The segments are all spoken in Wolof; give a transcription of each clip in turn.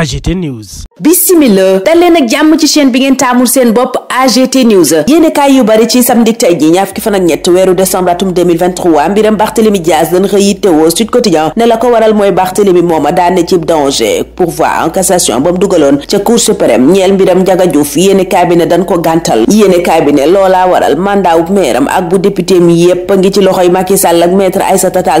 AGT News. bisimila dal leen ak jàmm ci chaîne bi ngeen taamul seen bopp AGT News yéenekaay yu bari ci samedi tey ji ñaar fukki fan ak ñett weeru décembre mbiram Barthélémy Dias lan xëy yittewoo Sud Quotidien ne la ko waral mooy Barthélémy mooma daane ci danger pourvoi en cassation dugaloon ca Cour suprême ñeel mbiram Ndiaga Diouf bi ne dañ ko gàntal yéenekaay bi ne loolaa waral mandat wu meeram ak bu député mi yépp ngi ci loxoy Macky ak maître Aïssata Tall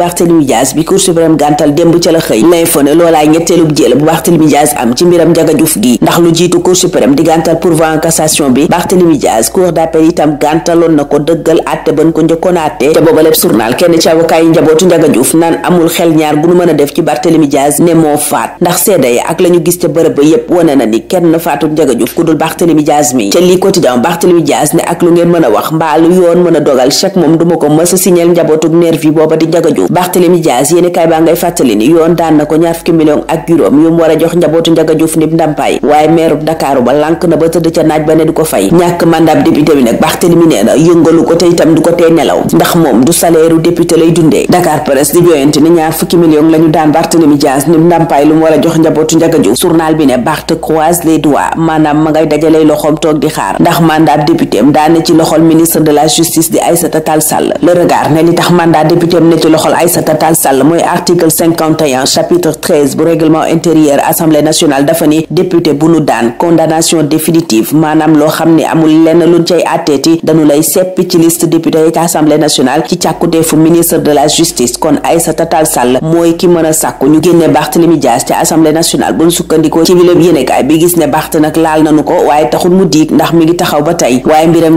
Barthélemy Dias bi Cour suprême gàntal démb ca la xëy l'info ne na ko dëggal àtte ban ko njëkkoon àtte te booba lépp journal kenn ci avocat yi a def ci Barthélemy Dias ne moo faat ndax seede ya ak la ñu gis ca bërëb ba yépp wane na ni kenn faatul Ndiaga ku dul Barthélemy Dias mi ca lii quotidien Barthélemy Dias ne ak lu ngeen mën a wax mbaalu yoon mën a dogal chaque moom duma ko mës a signal njabootug nervi booba di Ndiaga Barthélemy Dias yéeni kaay baa ngay fàttali ni yoon daan na ko ñaar fukki million ak juróom yu war a jox njabootu Ndiaga Diouf nib ndàmpaay ba lànk na ba tëdd ca ko fay ñàkk mandat député bi nag Barthélemy nee u député lay dundee Dakar Presse di joyante ni ñaar fukki million lu mu war a jox njabootu Ndiaga Diouf journal bi ne Barth croise les doigts maanaam ma ngay dajalay loxoom toog di xaar ndax mandat député daane ci loxol ministre de la justice di Aïssata Tall Sall le regard ne li tax mandat député ne ci loxol Aïssata Tall mooy article 51 chapitre bu règlement intérieur assemblée nationale dafa ni député bu nu daan condamnation définitive maanaam loo xam ne amul lenn luñ cay àtteeti dañu lay seppi ci liste député yi ci assemblée nationale ci càkkuteefu ministre de la justice kon Aïssata Tall Sall mooy ki mën a sàkku ñu génne Barthélémy Dias ci assemblée nationale buñ sukkandikoo ci biléb yénekaay bi gis ne Barth nag laal nanu ko waaye taxul mu diig ndax mi ngi taxaw ba tey waaye mbiram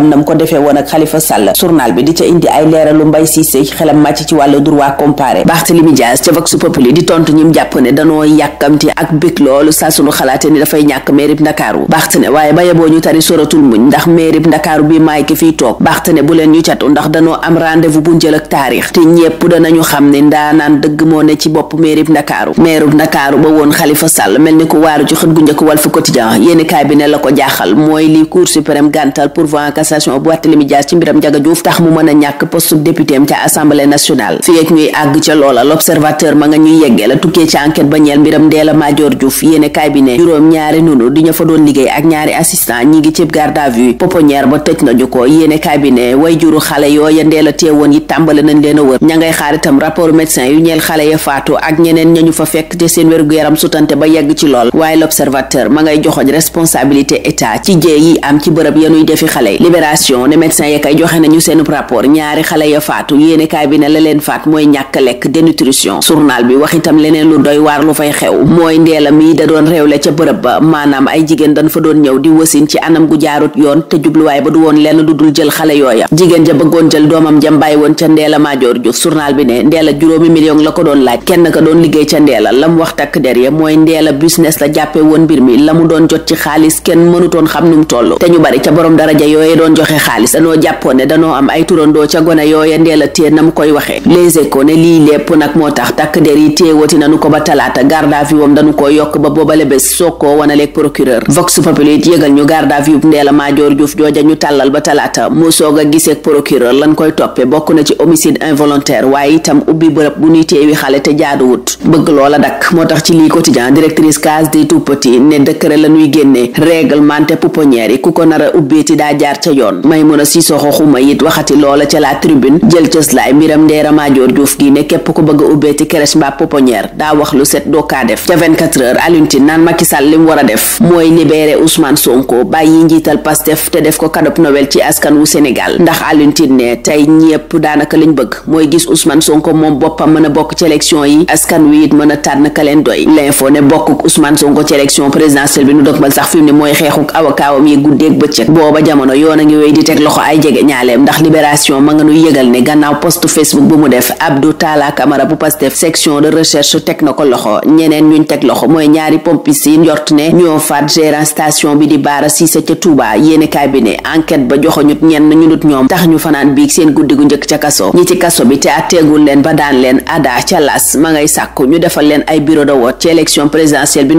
am nam ko defee woon ak Khalifa Sall journal bi di ca indi ay leeralu Mbaye Cissé xelam ndax meerib ndakaaru bi maay ki fiy toog baxte ne bu ñu catu ndax danoo am rendez-vous bu njël ak taarix te ñépp danañu xam ne ndaanaan dëgg moo ne ci bopp meerib ndakaaru meerib ndakaaru ba woon Khalifa Sall mel ni ku waaru ci xët gu njëkk Walf Quotidien yéeni kaay bi ne la ko jaaxal mooy li Cour suprême gàntal pourvoi en cassation Barthélémy Dias ci mbiram Ndiaga Diouf tax mu mën a ñàkk poste député am ca assemblée nationale fii ak ñuy àgg ca loola l'observateur ma ba ñeel mbiram Ndella Madior Diouf yéene kaay bi ne a ngay joxoñ responsabilité état ci jee yi am ci bërëb yanuy defi xale yi libération ne médecin ya kay joxe nañu seen rapport ñaari xale ya faatu yéenekaay bi ne la leen faat mooy ñàkk lekk dénutrition journal bi wax itam leneen lu doy waar lu fay xew mooy ndeela mi da doon réewle ca bërëb ba maanaam ay jigéen dañ fa doon ñëw gu jaarut yoon te jubluwaay ba du woon lenn lu dul jël xale yooya jigéen ja bëggoon jël doomam jam bàyyi woon ca ndeela maajoor juuf journal bi ne ndeela juróomi million la ko doon laaj kenn ka doon liggéey ca ndeela lam wax takk der ya mooy ndeela business la jàppe woon mbir mi la mu doon jot ci xaalis kenn mënutoon xam num toll te ñu bari ca borom daraja yooye doon doon joxe xaalis danoo jàppoon ne danoo am ay turandoo ca gone yooya ndeel a téye na mu koy waxee Les ne lii lépp nag moo tax takk der yi téewati nanu ko ba talaata garde à vue wam dañu ko yokk ba boobale bés soog koo wanaleeg procureur vox populi it yëgal ñu garde à vue Ndella Madior Diouf jooja ñu tàllal ba talaata mu soog a procureur lan koy toppe bokk na ci homicide involontaire waaye itam ubbi bërëb bu ñuy téewi xale te jaaduwut bëgg a ca yoon Maymuna Sisoko xuma it waxati loola ca la tribune jël cëslaay mbiram Ndella Madior Diouf gi ne képp ku bëgg a ubbeeti crèche mbaa pouponnière daa wax lu set doo def ca 24 heures Alioune Tine naan Macky Sall li mu a def mooy libéré Ousmane Sonko bàyyi njiital Pastef te def ko cadeau Noël ci askan wu Sénégal ndax Alioune ne tey ñépp daanaka liñ bëgg mooy gis Ousmane Sonko moom boppam mën a bokk ci élection yi askan wi mën a tànn ka a ngi wéy di teg loxo ay jege ñaaleem ndax libération ma nga nuy yëgal ne gannaaw post facebook bu mu def Abdou Talla Camara bu Pastef section de recherche teg na ko loxo ñeneen ñuñ teg loxo mooy ñaari pompis yi njort ne ñoo faat gérant station bi di Bara Cissé ca Touba yéene kaay bi ne enquête ba joxoñut ñenn ñu dut ñoom tax ñu fanaan biig seen guddi gu njëkk ca kaso ñi ci kaso bi te atteegul leen ba daan leen ada ca las ma ngay sàkku ñu defal leen ay bureau de vote ci élection présidentielle bi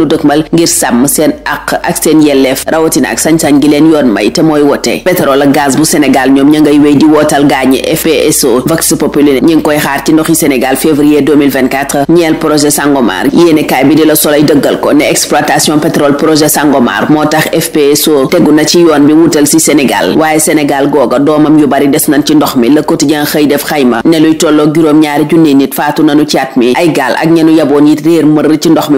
ngir sàmm seen àq ak seen yelleef rawatina ak sañ gi leen yoon may te mooy wote pétrole ak gaz bu sénégal ñoom ña ngay wéy di wootal gaañi FPSO vox populi ñi ngi koy xaar ci ndoxi sénégal février ñeel projet sangomar yéene bi di la soley dëggal ko ne exploitation pétrole projet sangomar moo tax FPSO tegu na ci yoon bi wutal si sénégal waaye sénégal googa doomam yu bari des nañ ci ndox mi le quotidien xëy def xayma ne luy tolloo juróom-ñaari junni nit faatu nanu ci at mi ay gaal ak ñenu yaboon it réer mër ci ndox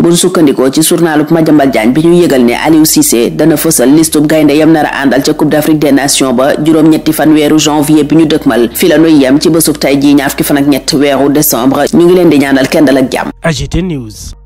a nomination ba juróom-ñetti fan weeru janvier bi ñu dëkmal fi la nuy yem ci bésub tay ji ñaar fukki fan ñett weeru décembre ñu ngi leen di ñaanal kenn dal ak jàmm AGT News